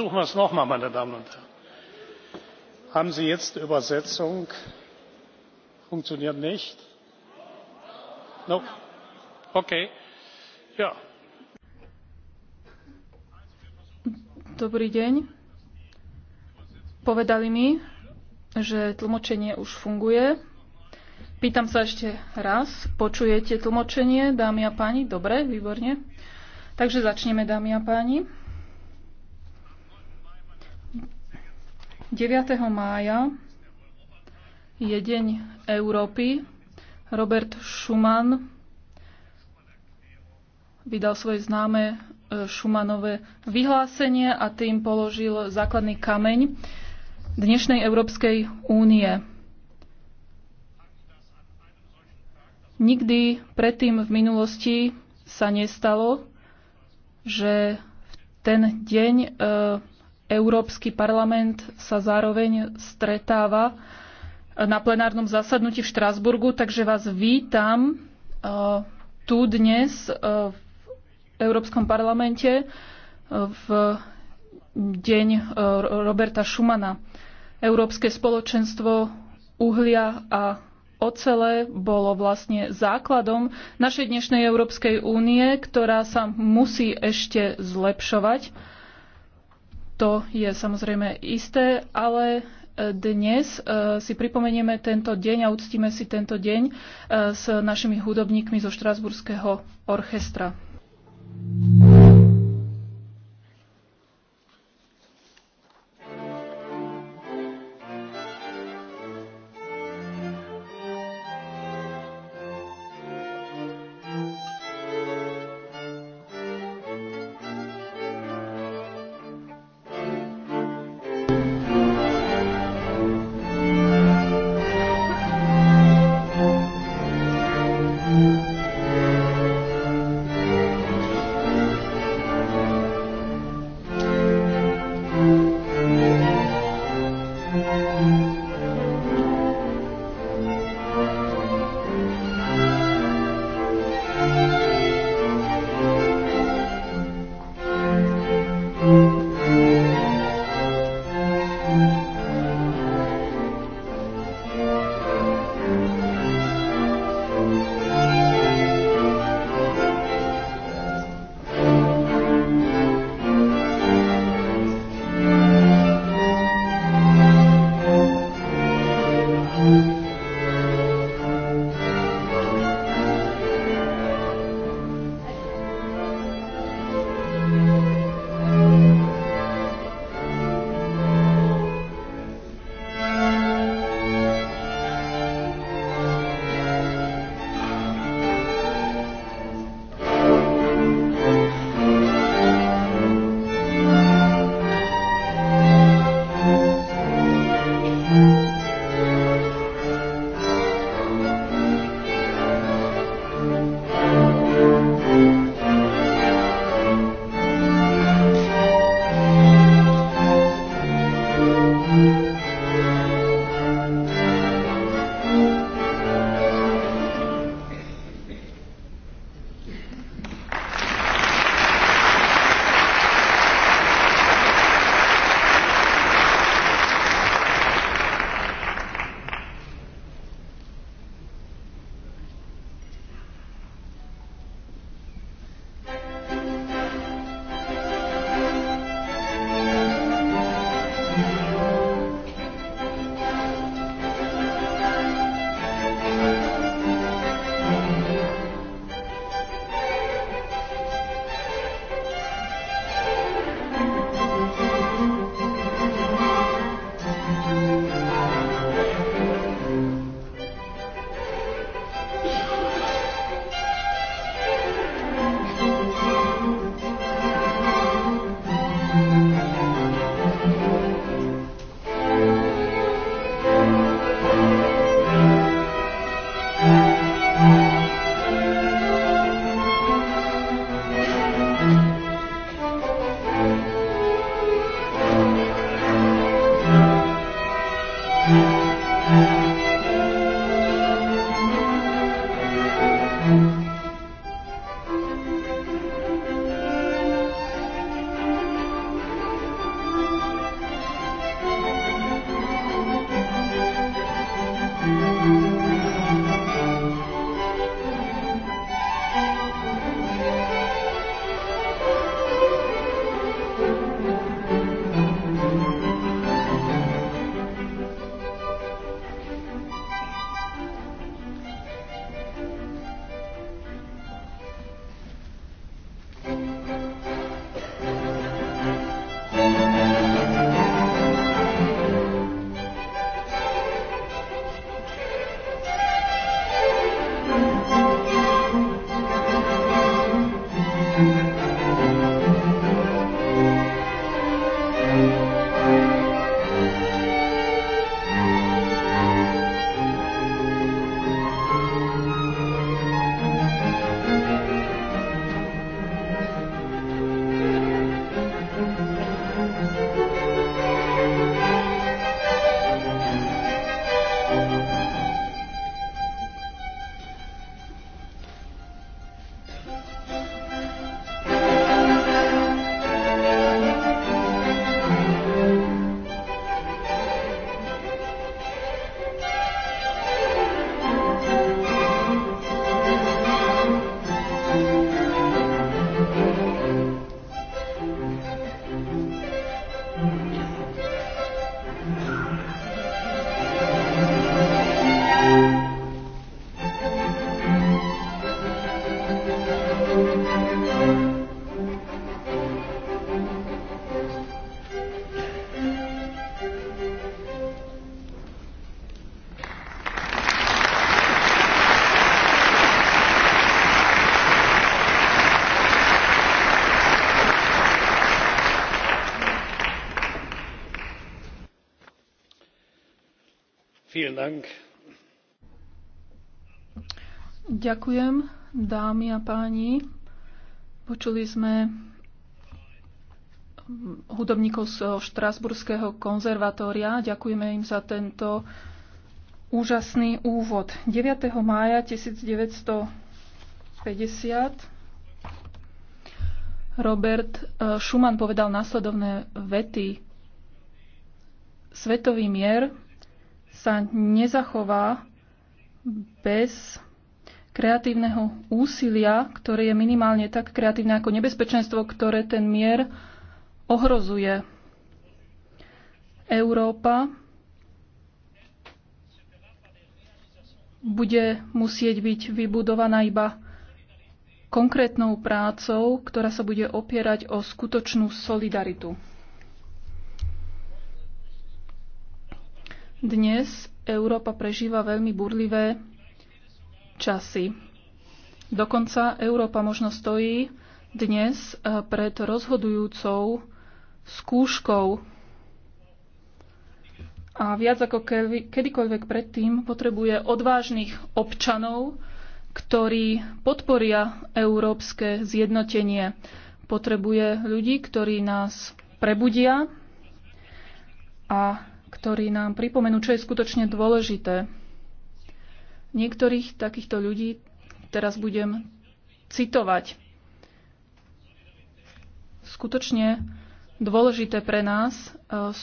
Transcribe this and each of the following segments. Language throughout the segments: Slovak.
versuchen wir es noch einmal meine damen und herren. haben sie jetzt übersetzung? funktioniert nicht? okay. ja. Dobrý deň. Povedali mi, že tlmočenie už funguje. Pýtam sa ešte raz. Počujete tlmočenie, dámy a páni? Dobre, výborne. Takže začneme, dámy a páni. 9. mája je Deň Európy. Robert Schumann vydal svoje známe e, Schumannové vyhlásenie a tým položil základný kameň dnešnej Európskej únie. Nikdy predtým v minulosti sa nestalo, že v ten deň e, Európsky parlament sa zároveň stretáva na plenárnom zasadnutí v Štrásburgu, takže vás vítam e, tu dnes e, v Európskom parlamente e, v deň Roberta Schumana. Európske spoločenstvo uhlia a ocele bolo vlastne základom našej dnešnej Európskej únie, ktorá sa musí ešte zlepšovať to je samozrejme isté, ale e, dnes e, si pripomenieme tento deň a uctíme si tento deň e, s našimi hudobníkmi zo Štrasburského orchestra. Ďakujem, dámy a páni. Počuli sme hudobníkov z Štrasburského konzervatória. Ďakujeme im za tento úžasný úvod. 9. mája 1950 Robert e, Schumann povedal následovné vety. Svetový mier sa nezachová bez kreatívneho úsilia, ktoré je minimálne tak kreatívne ako nebezpečenstvo, ktoré ten mier ohrozuje. Európa bude musieť byť vybudovaná iba konkrétnou prácou, ktorá sa bude opierať o skutočnú solidaritu. Dnes Európa prežíva veľmi burlivé časy. Dokonca Európa možno stojí dnes eh, pred rozhodujúcou skúškou a viac ako kedykoľvek predtým potrebuje odvážnych občanov, ktorí podporia európske zjednotenie. Potrebuje ľudí, ktorí nás prebudia a ktorí nám pripomenú, čo je skutočne dôležité. Niektorých takýchto ľudí teraz budem citovať. Skutočne dôležité pre nás e,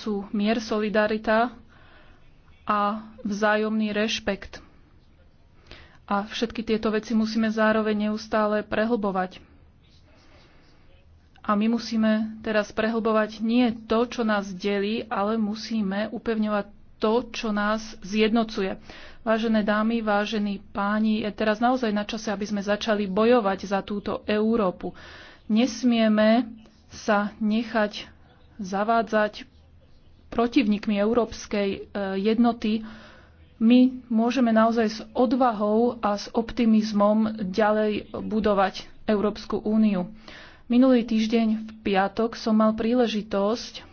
sú mier, solidarita a vzájomný rešpekt. A všetky tieto veci musíme zároveň neustále prehlbovať. A my musíme teraz prehlbovať nie to, čo nás delí, ale musíme upevňovať to, čo nás zjednocuje. Vážené dámy, vážení páni, je teraz naozaj na čase, aby sme začali bojovať za túto Európu. Nesmieme sa nechať zavádzať protivníkmi európskej e, jednoty, my môžeme naozaj s odvahou a s optimizmom ďalej budovať Európsku úniu. Minulý týždeň v piatok som mal príležitosť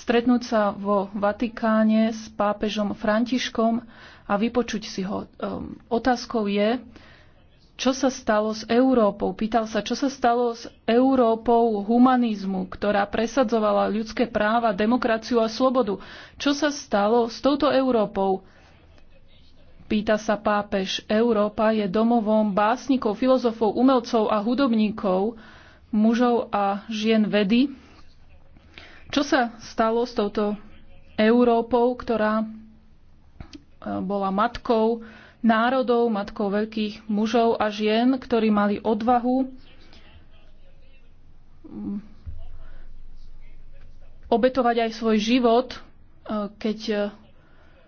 stretnúť sa vo Vatikáne s pápežom Františkom a vypočuť si ho. Ehm, otázkou je, čo sa stalo s Európou. Pýtal sa, čo sa stalo s Európou humanizmu, ktorá presadzovala ľudské práva, demokraciu a slobodu. Čo sa stalo s touto Európou? Pýta sa pápež, Európa je domovom básnikov, filozofov, umelcov a hudobníkov, mužov a žien vedy. Čo sa stalo s touto Európou, ktorá e, bola matkou národov, matkou veľkých mužov a žien, ktorí mali odvahu mm, obetovať aj svoj život, e, keď e,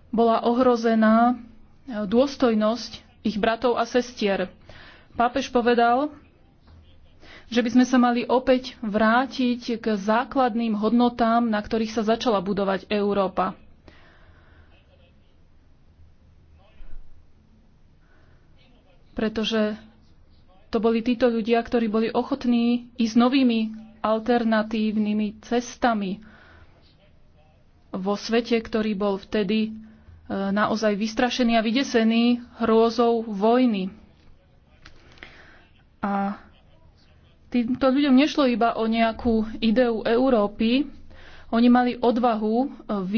bola ohrozená dôstojnosť ich bratov a sestier. Pápež povedal, že by sme sa mali opäť vrátiť k základným hodnotám, na ktorých sa začala budovať Európa. Pretože to boli títo ľudia, ktorí boli ochotní ísť novými alternatívnymi cestami vo svete, ktorý bol vtedy e, naozaj vystrašený a vydesený hrôzou vojny. A Týmto ľuďom nešlo iba o nejakú ideu Európy, oni mali odvahu e,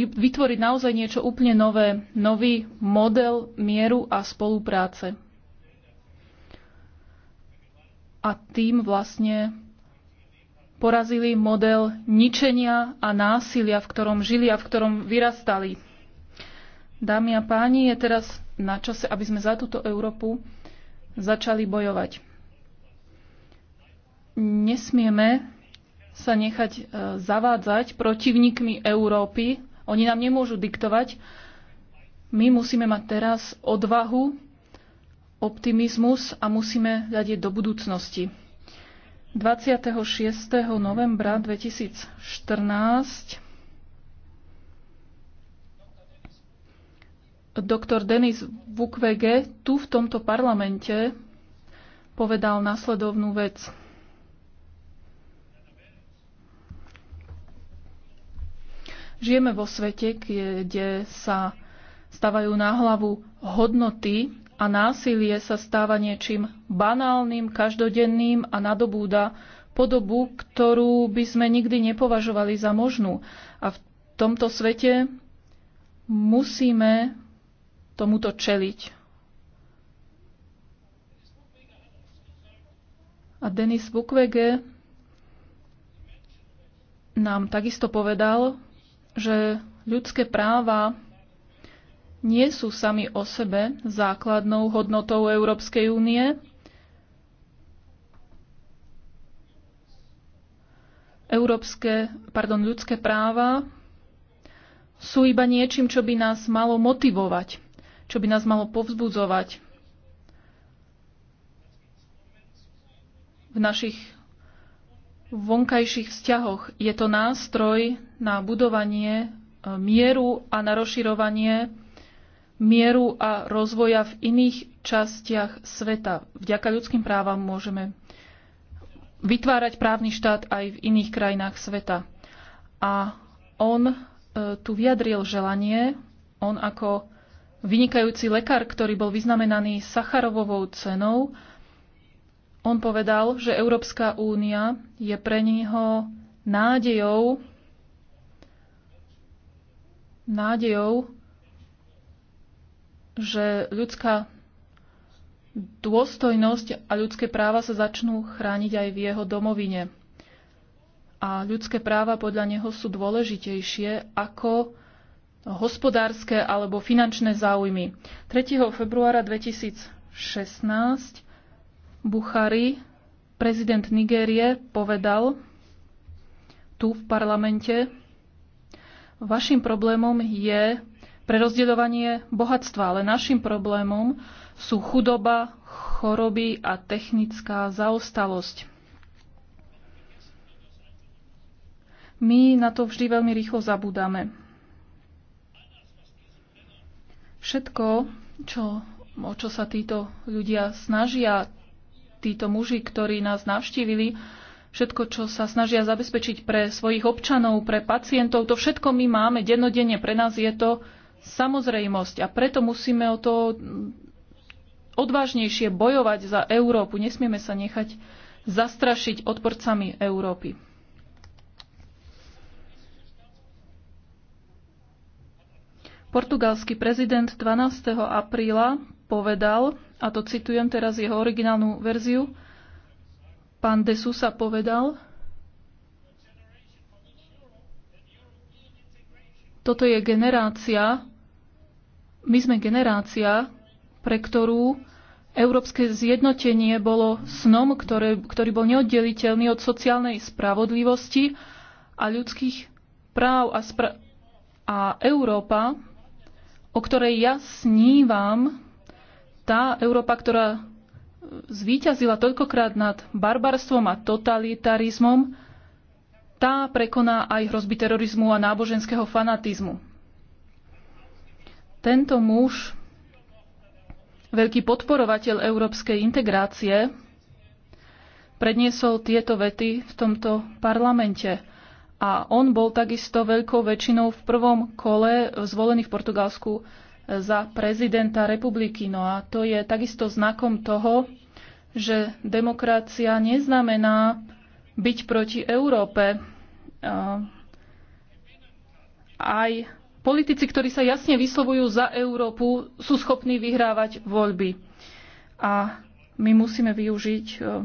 vytvoriť naozaj niečo úplne nové, nový model mieru a spolupráce. A tým vlastne porazili model ničenia a násilia, v ktorom žili a v ktorom vyrastali. Dámy a páni, je teraz na čase, aby sme za túto Európu začali bojovať nesmieme sa nechať e, zavádzať protivníkmi Európy. Oni nám nemôžu diktovať. My musíme mať teraz odvahu, optimizmus a musíme hľadiť do budúcnosti. 26. novembra 2014 doktor Denis Vukwege tu v tomto parlamente povedal následovnú vec. Žijeme vo svete, kde sa stavajú na hlavu hodnoty a násilie sa stáva niečím banálnym, každodenným a nadobúda podobu, ktorú by sme nikdy nepovažovali za možnú. A v tomto svete musíme tomuto čeliť. A Denis Bukwege nám takisto povedal, že ľudské práva nie sú sami o sebe základnou hodnotou Európskej únie. Európske, pardon, ľudské práva sú iba niečím, čo by nás malo motivovať, čo by nás malo povzbudzovať v našich vonkajších vzťahoch. Je to nástroj na budovanie e, mieru a na rozširovanie mieru a rozvoja v iných častiach sveta. Vďaka ľudským právam môžeme vytvárať právny štát aj v iných krajinách sveta. A on e, tu vyjadril želanie, on ako vynikajúci lekár, ktorý bol vyznamenaný Sacharovovou cenou, on povedal, že Európska únia je pre neho nádejou nádejou, že ľudská dôstojnosť a ľudské práva sa začnú chrániť aj v jeho domovine. A ľudské práva podľa neho sú dôležitejšie ako hospodárske alebo finančné záujmy. 3. februára 2016 Buchari, prezident Nigérie, povedal tu v parlamente, Vašim problémom je prerozdeľovanie bohatstva, ale našim problémom sú chudoba, choroby a technická zaostalosť. My na to vždy veľmi rýchlo zabúdame. Všetko, čo, o čo sa títo ľudia snažia, títo muži, ktorí nás navštívili, všetko, čo sa snažia zabezpečiť pre svojich občanov, pre pacientov, to všetko my máme dennodenne, pre nás je to samozrejmosť a preto musíme o to odvážnejšie bojovať za Európu. Nesmieme sa nechať zastrašiť odporcami Európy. Portugalský prezident 12. apríla povedal, a to citujem teraz jeho originálnu verziu, Pán de Susa povedal, toto je generácia, my sme generácia, pre ktorú európske zjednotenie bolo snom, ktoré, ktorý bol neoddeliteľný od sociálnej spravodlivosti a ľudských práv a, spra- a Európa, o ktorej ja snívam, tá Európa, ktorá zvíťazila toľkokrát nad barbarstvom a totalitarizmom, tá prekoná aj hrozby terorizmu a náboženského fanatizmu. Tento muž, veľký podporovateľ európskej integrácie, predniesol tieto vety v tomto parlamente. A on bol takisto veľkou väčšinou v prvom kole zvolený v Portugalsku za prezidenta republiky. No a to je takisto znakom toho, že demokracia neznamená byť proti Európe. Aj politici, ktorí sa jasne vyslovujú za Európu, sú schopní vyhrávať voľby. A my musíme využiť e,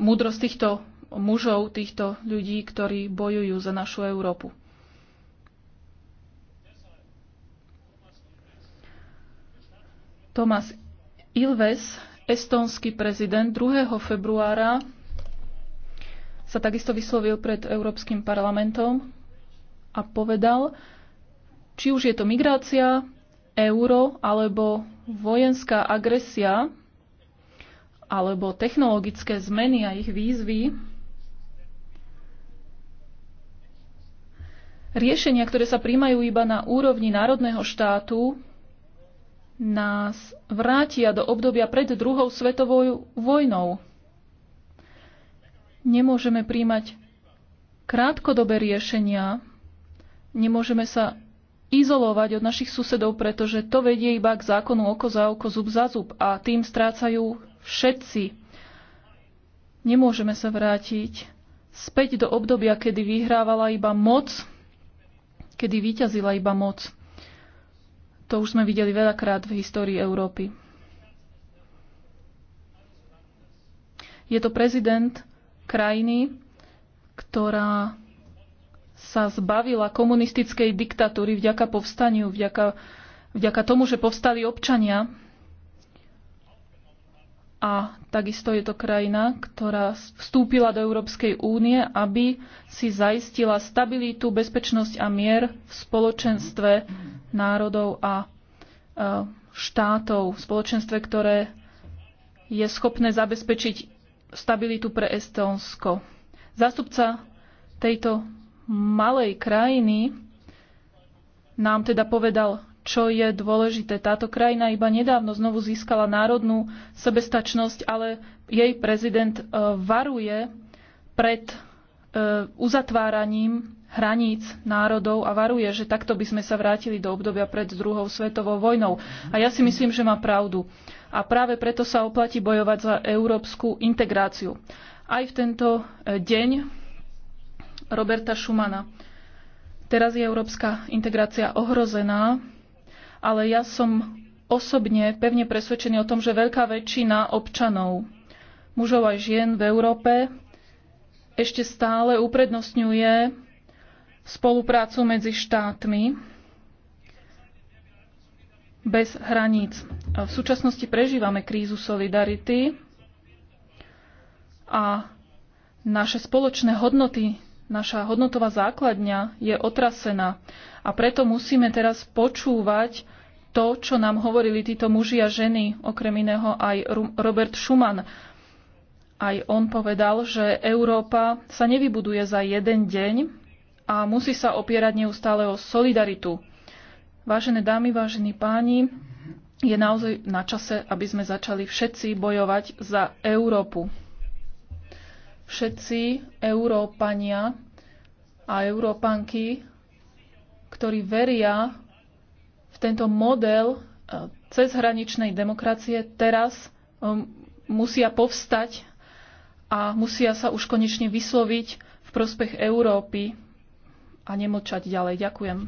múdrosť týchto mužov, týchto ľudí, ktorí bojujú za našu Európu. Tomas Ilves, estónsky prezident, 2. februára sa takisto vyslovil pred Európskym parlamentom a povedal, či už je to migrácia, euro alebo vojenská agresia, alebo technologické zmeny a ich výzvy, riešenia, ktoré sa príjmajú iba na úrovni národného štátu, nás vrátia do obdobia pred druhou svetovou vojnou. Nemôžeme príjmať krátkodobé riešenia, nemôžeme sa izolovať od našich susedov, pretože to vedie iba k zákonu oko za oko, zub za zub a tým strácajú všetci. Nemôžeme sa vrátiť späť do obdobia, kedy vyhrávala iba moc, kedy vyťazila iba moc. To už sme videli veľakrát v histórii Európy. Je to prezident krajiny, ktorá sa zbavila komunistickej diktatúry vďaka povstaniu, vďaka, vďaka tomu, že povstali občania. A takisto je to krajina, ktorá vstúpila do Európskej únie, aby si zaistila stabilitu, bezpečnosť a mier v spoločenstve národov a e, štátov v spoločenstve, ktoré je schopné zabezpečiť stabilitu pre Estónsko. Zástupca tejto malej krajiny nám teda povedal, čo je dôležité. Táto krajina iba nedávno znovu získala národnú sebestačnosť, ale jej prezident e, varuje pred E, uzatváraním hraníc národov a varuje, že takto by sme sa vrátili do obdobia pred druhou svetovou vojnou. A ja si myslím, že má pravdu. A práve preto sa oplatí bojovať za európsku integráciu. Aj v tento e, deň Roberta Schumana. Teraz je európska integrácia ohrozená, ale ja som osobne pevne presvedčený o tom, že veľká väčšina občanov, mužov aj žien v Európe, ešte stále uprednostňuje spoluprácu medzi štátmi bez hraníc. V súčasnosti prežívame krízu solidarity a naše spoločné hodnoty, naša hodnotová základňa je otrasená. A preto musíme teraz počúvať to, čo nám hovorili títo muži a ženy, okrem iného aj Robert Schumann. Aj on povedal, že Európa sa nevybuduje za jeden deň a musí sa opierať neustále o solidaritu. Vážené dámy, vážení páni, je naozaj na čase, aby sme začali všetci bojovať za Európu. Všetci Európania a Európanky, ktorí veria v tento model eh, cezhraničnej demokracie, teraz eh, musia povstať a musia sa už konečne vysloviť v prospech Európy a nemlčať ďalej. Ďakujem.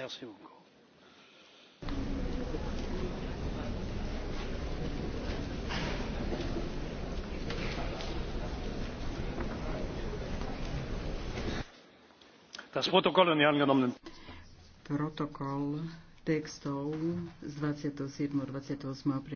Merci beaucoup. Das Protokoll und die angenommenen Protokoll textov z 27. a 28.